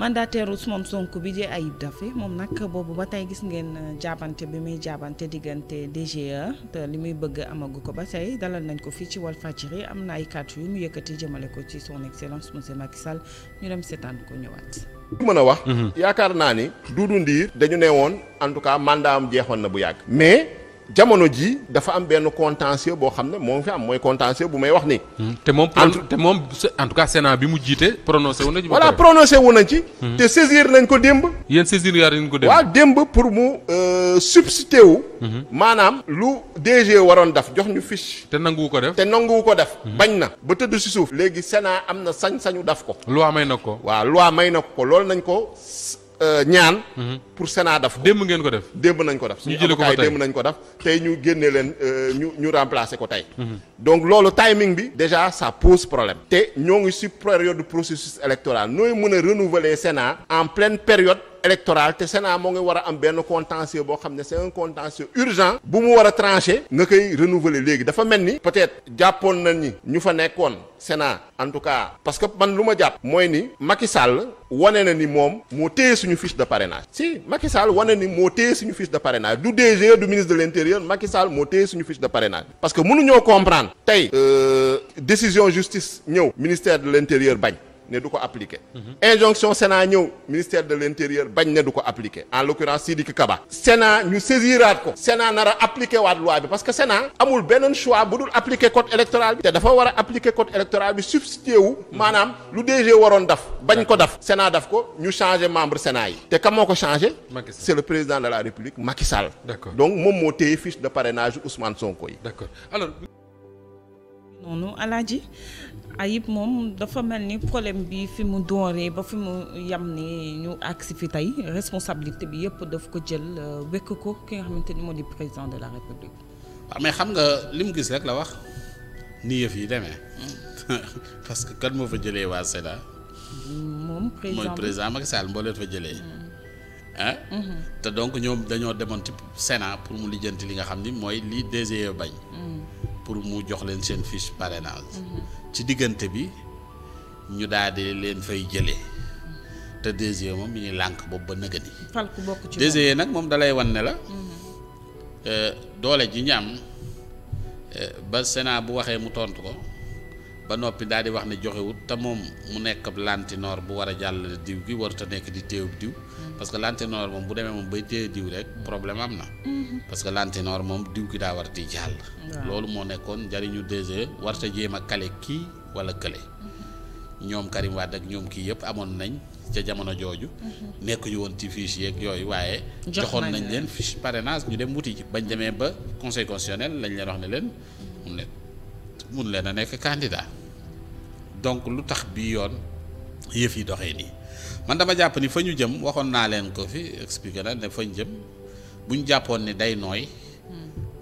mandataire Ousmane Sonko bi di Ayib Daffé moom nag boobu ba tey gis ngeen euh, jaabante bi muy jaabante diggante DGE te li muy bëgg amagu ko ba tey dalal nañ ko fii ci Walfadjri am na ay kàddu yu mu yëkkati jëmale ko ci son excellence monsieur Macky Sall ñu dem seetaan ko ñëwaat. bu mën a wax. Mhm. yaakaar naa ni. Doudou Ndir dañu ne woon en tout cas mandat am jeexoon na bu yàgg. mais. jamono ji dafa am benn contentieux boo xam ne moo fi am mooy contentieux bu may wax nii. Hmm. te moom te moom en tout cas Sénat bi mu jiite prononcé wu nañ. voilà prononcé wu nañ ci. Hmm. te saisir nañ ko démb. yéen saisir yaa nañ ko démb. waaw démb pour mu euh, substitué wu. Hmm. maanaam lu DG waroon def jox ñu fiche. te nanguwu ko def te nanguwu ko def. bañ na ba tëdd si suuf. léegi Sénat am na sañ-sañu daf ko. loi may na ko. waa loi may na ko loolu nañ ko. Euh, ñaan. Mhm. pour Sénat def ko. démb ngeen ko def. démb nañ ko def. ñu jëlee ko fa tey démb nañ ko def tey ñu génne leen euh, ñu ñu remplacer ko tey. Mhm. donc loolu timing bi. déjà ça pose problème. te ñoo ngi si période de processus électoral nooy mën a renouveler Sénat. en pleine période. électorale te Sénat moo ngi war a am benn contentieux boo xam ne c'est un contentieux urgent bu mu war a trancher nga koy renouveler léegi dafa mel ni peut-être jàppoon na ni ñu fa nekkoon Sénat en tout cas parce que man lu ma jàpp mooy ni Macky Sall wane na ni moom moo téye suñu fiche de parrainage si makisaal Sall wane ni moo téye suñu fiche de parrainage du DG du ministre de l'intérieur Macky moo téye suñu fiche de parrainage parce que mënuñoo comprendre tey euh, décision justice ñëw ministère de l'intérieur bañ ne du ko appliqué injonction Sénat ñëw ministère de l'intérieur bañ ne du ko appliqué en l'occurrence Sidiki Kaba Sénat ñu saisiraat ko Sénat nar a appliqué waat loi bi parce que Sénat amul beneen choix bu dul appliqué code électoral bi te dafa war a code électoral bi substitué maanaam lu DG waroon daf bañ ko daf Sénat daf ko ñu changé membre Sénat yi te kam ko changé c'est le président de la République Macky donc moom moo téye fiche de noonu alaaji Ayib moom dafa mel ni problème bi fi mu dooree ba fi mu yam ni ñu agsi fi tey responsabilité bi yëpp daf ko jël euh, wekk ko ki nga xamante la république. xam nga li mu gis rek la wax ni yi demee parce que kan moo fa jëlee waa CEDA. moom président mooy président Macky Sall mbooleet fa jëlee. ah. te donc ñoom dañoo demoon ci Sénat pour mu lijjanti li nga xam ni mooy lii DGE bañ. Mm. pour mu jox leen seen fiche parrainage ci diggante bi ñu daal leen fay jële te DG moom mi ngi lànk boobu ba nëgëni. fal ku bokk ci DG nag moom dalay wan ne la. Mhm. Euh, doole ji ñu am euh, ba Sénat bu waxee mu tontu ko. ba noppi daal di wax ne joxewut te moom mu nekk ab lantinoor bu war a jàllale diw gi warut a nekk di téew diw parce que lantinoor moom bu demee moom bay téye diw rek problème am na parce que lantinoor moom diw ki daa war di jàll loolu moo nekkoon njariñu DG warta jéem a kale kii wala kële ñoom Karim Wade ak ñoom kii yëpp amoon nañ ca jamono jooju nekk nekkuñu woon ci fiche yeeg yooyu waaye joxoon nañ leen fiche parrainage ñu dem wuti ji bañ demee ba conseil constitutionnel lañ leen wax ne leen mun leen a nekk candidat donc lu tax bii yoon yëf yi doxee nii man dama jàpp ni fa ñu jëm waxoon naa leen ko fi expliqué na ne fa ñu jëm bu ñu jàppoon ni day nooy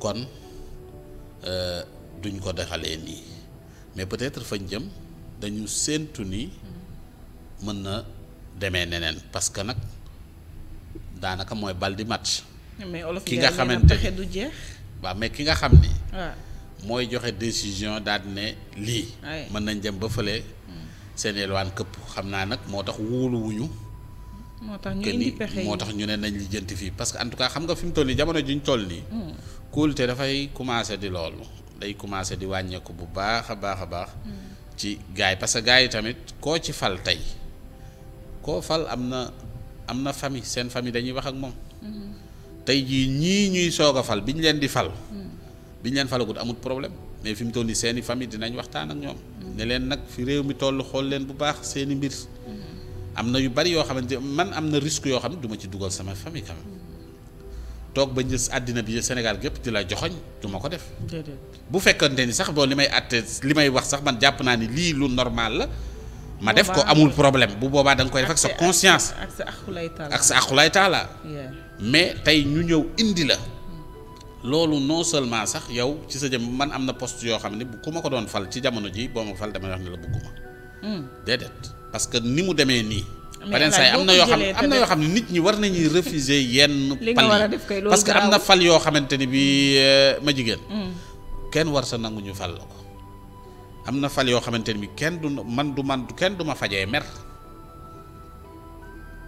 kon euh, duñ ko doxalee nii mais peut-être fañ jëm dañu séentu nii mën na demee neneen parce que nag daanaka mooy bal di match. ki nga xam ni. mooy joxe décision daal ne lii. mën nañ dem ba fële. seen yelwaan këpp xam naa nag moo tax wóoluwuñu. moo tax ñu indi moo tax ñu ne nañ lijjant fii parce que en tout cas xam nga fi mu toll nii jamono juñ toll nii. Hmm. kóolute dafay commencé di loolu day commencé di wàññeeku bu baax a baax a baax. Hmm. ci gars yi parce que gars yi tamit koo ci fal tey koo fal am na am na famille seen fami dañuy wax ak moom. Hmm. tey jii ñii ñuy soog a fal bi ñu leen di fal. biñ leen falagut amut problème mais fi mu toll nii seeni i famille dinañ waxtaan ak ñoom. ne leen nag fi réew mi toll xool leen bu baax seeni mbir. am na yu bari yoo xamante man am na risque yoo xam ne du ci dugal sama famille quand toog ba njës àddina bi Sénégal gépp di la joxoñ duma ko def. bu fekkante ni sax boo li may àtte li may wax sax man jàpp naa ne lii lu normal la. ma def ko amul problème bu boobaa danga koy def ak sa conscience. ak sa axulaay ak sa axulaay taala mais tey ñu ñëw indi la. loolu non seulement sax yow ci sa jëm man am na poste yoo xam ne bu ku ma ko doon fal ci jamono ji boo ma fal damay wax ne la bëgguma hmm. déedéet parce que ni mu demee nii beneen saa yi am na yoo xam am na yoo xam ne nit ñi war nañuy refuser yenn pal yi parce que am na fal yoo xamante ne bi euh, ma jigéen hmm. kenn war sa nangu ñu fal la ko am na fal yoo xamante ne bi kenn du man du man kenn du ma fajee mer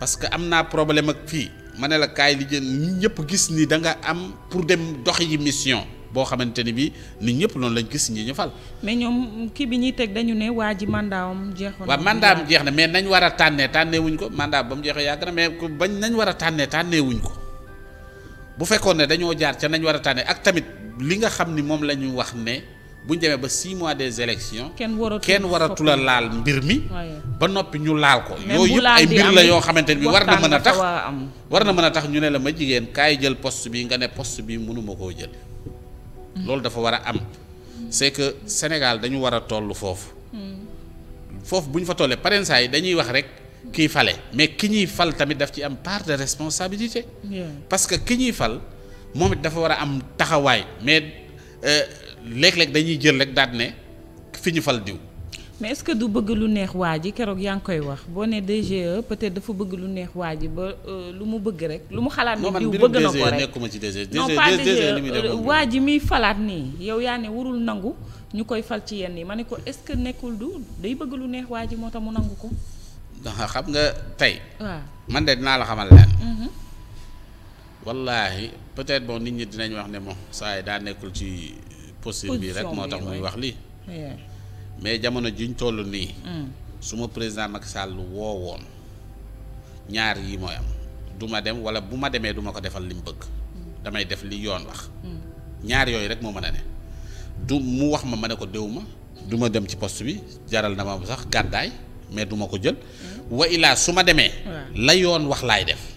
parce que am naa problème ak fii ma ne la kaay li jën ñëpp gis ni da nga am pour dem dox yi mission boo xamante ni bii nit ñëpp loolu lañ gis ñi ñu fal. mais ñoom kii bi ñuy teg dañu ne waa ji mandaawam jeexoon. waaw mandaam jeex na mais nañ war a tànnee tànneewuñ ko mandat ba mu jeex yàgg na mais bañ nañ war a tànnee tànnee wuñ ko bu fekkoon ne dañoo jaar ca nañ war a tànnee ak tamit li nga xam ni moom la ñu wax ne. bu ñu ba six mois des élections kenn waratul a laal mbir mi ba noppi ñu laal ko yooyu yëpp ay mbir la yoo xamante ni bi war na mën a tax war na mën a tax ñu ne la ma jigéen kaay jël poste bi nga ne poste bi mënuma koo jël loolu dafa war a am c'est que Sénégal dañu war a toll foofu hmm. foofu buñ fa tollee parents yi dañuy wax rek kii fale mais ki ñuy fal tamit daf ci am part de responsabilité parce que ki ñuy fal moom it dafa war a am taxawaay euh, léeg-léeg dañuy jël rek daat ne fi ñu fal diw. mais est-ce que du bëgg lu neex waa ji keroog yaa ngi koy wax boo nee DGE peut-être dafa bëgg lu neex waa ji ba euh, lu mu bëgg rek lu mu xalaat ne diw bëgg na e ko rek nekkuma ci DGE non e, pas DGE e, euh, waa ji miy falaat nii yow yaa ne warul nangu ñu koy fal ci yenn yi ma ne ko est-ce que nekkul du day bëgg lu neex waa ji moo tax mu nangu ko xam nga tey waaw man de dinaa la xamal leen mhm. wallaahi peut-être bon nit ñi dinañ wax ne moom saa yi nekkul possible bi rek moo tax muy wax lii mais jamono juñ toll nii mm. su ma président mag Sall woowoon ñaar yi mooy am du dem wala bu ma demee du ma ko defal li mu bëgg damay def li yoon wax mm. ñaar yooyu rek moo mën a ne du mu wax ma ma ne ko déw ma du ma dem ci post bi jaral na ma sax gàddaay mais du ma ko jël mm. wa ilaa su ma demee la yoon wax laay def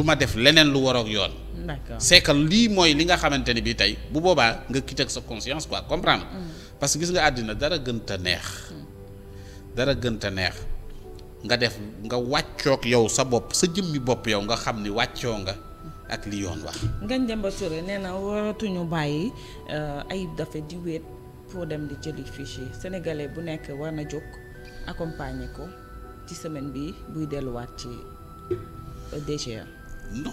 du ma def leneen lu waroog yoon. d'accord c'est lii mooy li nga xamante ni bii tey bu boobaa nga quitte ak sa conscience quoi comprendre. Mm. parce que gis nga àddina dara gënta neex. Mm. dara gënta neex nga def nga wàccoog yow sa bopp sa jëmmi bopp yow nga xam ni wàccoo nga. ak li yoon wax. Ngagne Demba Touré nee na waratuñu bàyyi euh, Ayib Daffé di wéet pour dem di jëli fichier sénégalais bu nekk war na jóg accompagner ko ci semaine bi buy delluwaat ci euh, DGA.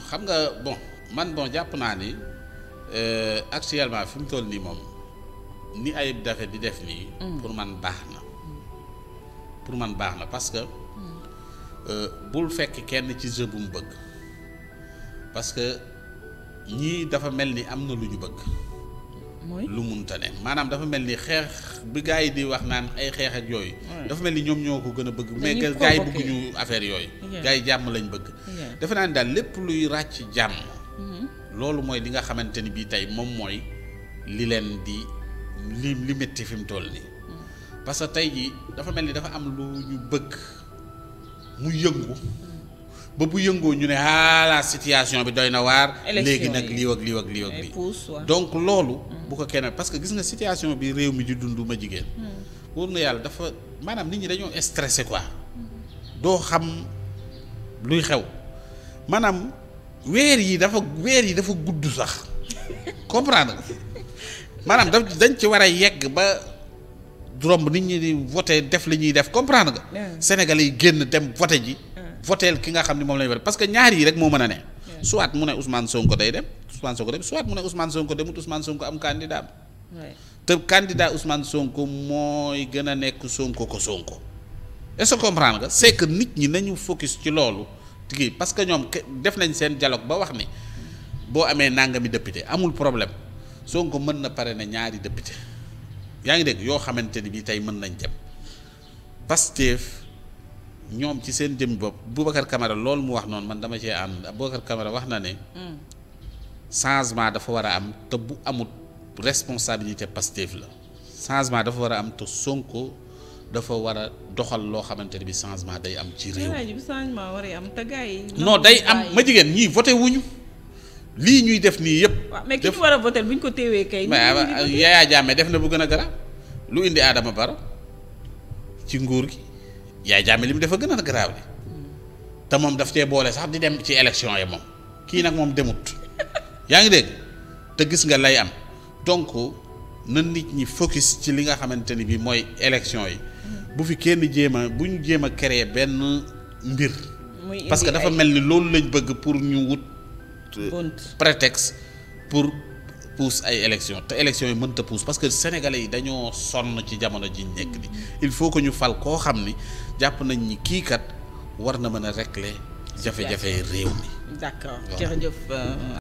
xam nga bon man bon jàpp naa ni euh, actuellement fi mu toll nii moom ni Ayib Daffé di def nii. Mm. pour man baax na. Mm. pour man baax na parce que. Mm. Euh, bul fekk kenn ci jeu bu mu bëgg parce que ñii dafa mel ni am na lu ñu bëgg. lu munta ne maanaam dafa mel ni xeex bi gars yi di wax naan ay xeex ak yooyu dafa mel ni ñoom ñoo ko gën a bëgg mais gars yi bëgguñu affaire yooyu gars yi jàmm lañ bëgg defe naa ni daal lépp luy ràcc jàmm mm-hmm. loolu mooy li nga xamante ni bii tey moom mooy li leen di li li métti fi mu toll nii mm-hmm. parce que tey ji dafa mel ni dafa am lu ñu bëgg mu yëngu mm-hmm. ba bu yëngoo ñu ne ah la situation bi doy na waar. léegi nag lii ak lii ak lii ak lii. donc loolu. Hmm. bu ko kenn parce que gis nga situation bi réew mi di dund ma jigéen. Hmm. wóor na yàlla dafa maanaam nit ñi dañoo stressé quoi. Hmm. doo xam luy xew maanaam weer yi dafa weer yi dafa gudd sax comprendre nga maanaam dañ ci war a yegg ba. dromb nit ñi di voté def li ñuy def comprendre nga. Sénégalais yi génn dem voté ji. voteel ki nga xam ne moom la ñu war parce que ñaar yi rek moo mën a ne. soit mu ne Ousmane Sonko day dem Ousmane Sonko dem soit mu ne Ousmane Sonko demut Ousmane Sonko am candidat te candidat Sonko mooy gën a nekk Sonko ko Sonko. est-ce que comprendre nga c'est que nit ñi nañu focus ci loolu tigi parce que ñoom def nañ seen dialogue ba wax ni boo amee nangami député amul problème Sonko mën na pare ne ñaari député yaa ngi dégg yoo xamante ni bii tey mën nañ jëm Pastef ñoom ci seen jëm bopp Boubacar Camara loolu mu wax noonu man dama cee ànd Boubacar Camara wax na ne. Hmm. changement dafa war a am te bu amut responsabilité Pastef la changement dafa war a am te Sonko dafa war a doxal loo xamante ne bi changement day am ci réew. changement war a am te gars yi non day am ma jigéen ñii voté wuñu lii ñuy def nii yëpp. waaw mais ki ñu war a voté bu ñu ko téewee kay. Ah, Yaya def na bu gën a gara lu indi Adama bara ci nguur gi. yaay jàmme li mu dafa gën a garaaw te moom daf cee boole sax di dem ci élection yi moom kii nag moom demut yaa ngi dégg te gis nga lay am donc na nit ñi focus ci li nga xamante ni bii mooy élection yi bu fi kenn jéem a bu ñu jéem a créer benn mbir. parce que dafa mel ni loolu lañ bëgg pour ñu wut. Euh, prétexte pour pousse ay élection te élection yi mënta pousse parce que sénégalais yi dañoo sonn ci jamono ji nekk ni il faut que ñu fal koo xam ni. jàpp nañ ni kii kat war na mën a régler jafe-jafe réew mi. d'accord euh,